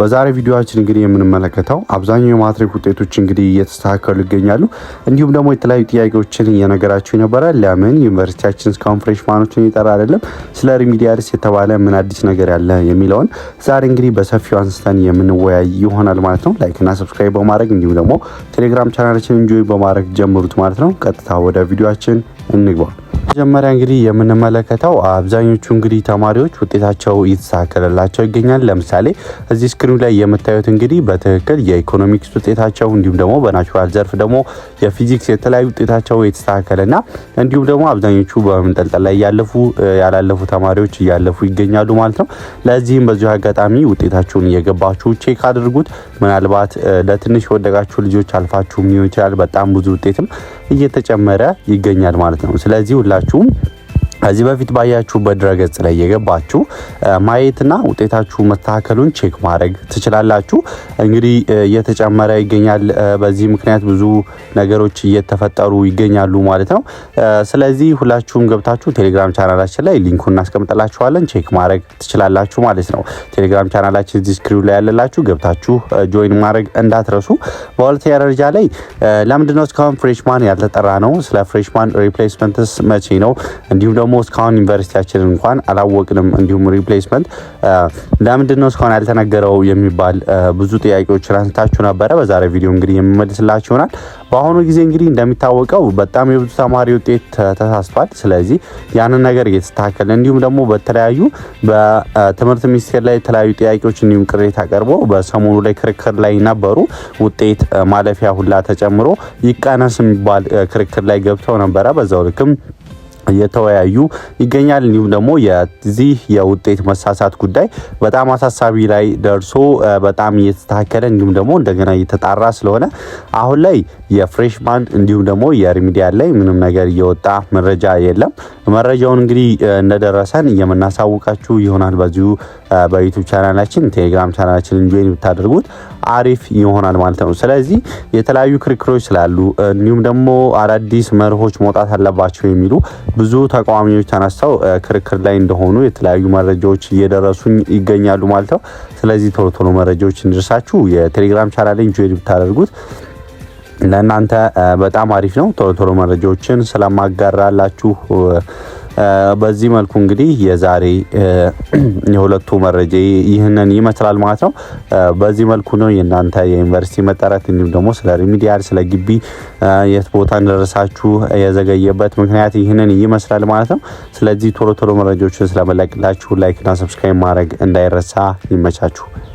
በዛሬ ቪዲዮችን እንግዲህ የምንመለከተው አብዛኛው የማትሪክ ውጤቶች እንግዲህ እየተስተካከሉ ይገኛሉ። እንዲሁም ደግሞ የተለያዩ ጥያቄዎችን እየነገራችሁ ነበረ። ለምን ዩኒቨርሲቲያችን እስካሁን ፍሬሽማኖችን ይጠራ አይደለም? ስለ ሪሚዲያልስ የተባለ ምን አዲስ ነገር ያለ የሚለውን ዛሬ እንግዲህ በሰፊው አንስተን የምንወያይ ይሆናል ማለት ነው። ላይክና ሰብስክራይብ በማድረግ እንዲሁም ደግሞ ቴሌግራም ቻናላችን እንጆይ በማድረግ ጀምሩት ማለት ነው። ቀጥታ ወደ ቪዲዮችን እንግባል። መጀመሪያ እንግዲህ የምንመለከተው አብዛኞቹ እንግዲህ ተማሪዎች ውጤታቸው እየተስተካከለላቸው ይገኛል። ለምሳሌ እዚህ ስክሪኑ ላይ የምታዩት እንግዲህ በትክክል የኢኮኖሚክስ ውጤታቸው እንዲሁም ደግሞ በናቹራል ዘርፍ ደግሞ የፊዚክስ የተለያዩ ውጤታቸው የተስተካከለና እንዲሁም ደግሞ አብዛኞቹ በመንጠልጠል ላይ ያለፉ ያላለፉ ተማሪዎች እያለፉ ይገኛሉ ማለት ነው። ለዚህም በዚሁ አጋጣሚ ውጤታችሁን እየገባችሁ ቼክ አድርጉት። ምናልባት ለትንሽ የወደቃችሁ ልጆች አልፋችሁም ሊሆን ይችላል። በጣም ብዙ ውጤትም እየተጨመረ ይገኛል ማለት ነው። ስለዚህ ሁላ 中。ከዚህ በፊት ባያችሁ በድረገጽ ላይ የገባችሁ ማየትና ውጤታችሁ መስተካከሉን ቼክ ማድረግ ትችላላችሁ። እንግዲህ እየተጨመረ ይገኛል። በዚህ ምክንያት ብዙ ነገሮች እየተፈጠሩ ይገኛሉ ማለት ነው። ስለዚህ ሁላችሁም ገብታችሁ ቴሌግራም ቻናላችን ላይ ሊንኩን እናስቀምጥላችኋለን። ቼክ ማድረግ ትችላላችሁ ማለት ነው። ቴሌግራም ቻናላችን እዚህ ስክሪኑ ላይ ያለላችሁ ገብታችሁ ጆይን ማድረግ እንዳትረሱ። በሁለተኛ ደረጃ ላይ ለምንድነው እስካሁን ፍሬሽማን ያልተጠራ ነው? ስለ ፍሬሽማን ሪፕሌስመንትስ መቼ ነው? እንዲሁም ደግሞ ደግሞ እስካሁን ዩኒቨርሲቲያችን እንኳን አላወቅንም። እንዲሁም ሪፕሌስመንት ለምንድን ነው እስካሁን ያልተነገረው የሚባል ብዙ ጥያቄዎችን አንስታችሁ ነበረ። በዛሬ ቪዲዮ እንግዲህ የሚመልስላችሁ ይሆናል። በአሁኑ ጊዜ እንግዲህ እንደሚታወቀው በጣም የብዙ ተማሪ ውጤት ተሳስቷል። ስለዚህ ያንን ነገር እየተስተካከለ እንዲሁም ደግሞ በተለያዩ በትምህርት ሚኒስቴር ላይ የተለያዩ ጥያቄዎች እንዲሁም ቅሬታ ቀርቦ በሰሞኑ ላይ ክርክር ላይ ነበሩ። ውጤት ማለፊያ ሁላ ተጨምሮ ይቀነስ የሚባል ክርክር ላይ ገብተው ነበረ። በዛው ልክም እየተወያዩ ይገኛል። እንዲሁም ደግሞ የዚህ የውጤት መሳሳት ጉዳይ በጣም አሳሳቢ ላይ ደርሶ በጣም እየተስተካከለ እንዲሁም ደግሞ እንደገና እየተጣራ ስለሆነ አሁን ላይ የፍሬሽማን እንዲሁም ደግሞ የሪሚዲያል ላይ ምንም ነገር እየወጣ መረጃ የለም። መረጃውን እንግዲህ እንደደረሰን የምናሳውቃችሁ ይሆናል። በዚሁ በዩቱብ ቻናላችን፣ ቴሌግራም ቻናላችን ጆይን ብታደርጉት አሪፍ ይሆናል ማለት ነው። ስለዚህ የተለያዩ ክርክሮች ስላሉ እንዲሁም ደግሞ አዳዲስ መርሆች መውጣት አለባቸው የሚሉ ብዙ ተቃዋሚዎች ተነስተው ክርክር ላይ እንደሆኑ የተለያዩ መረጃዎች እየደረሱኝ ይገኛሉ ማለት ነው። ስለዚህ ቶሎ ቶሎ መረጃዎች እንድርሳችሁ የቴሌግራም ቻናሌን ጆይን ብታደርጉት ለእናንተ በጣም አሪፍ ነው። ቶሎ ቶሎ መረጃዎችን ስለማጋራላችሁ በዚህ መልኩ እንግዲህ የዛሬ የሁለቱ መረጃ ይህንን ይመስላል ማለት ነው። በዚህ መልኩ ነው የእናንተ የዩኒቨርሲቲ መጠረት እንዲሁም ደግሞ ስለ ሪሚዲያል ስለ ግቢ የት ቦታ እንደደረሳችሁ የዘገየበት ምክንያት ይህንን ይመስላል ማለት ነው። ስለዚህ ቶሎ ቶሎ መረጃዎችን ስለመለቅላችሁ ላይክና ሰብስክራይብ ማድረግ እንዳይረሳ። ይመቻችሁ።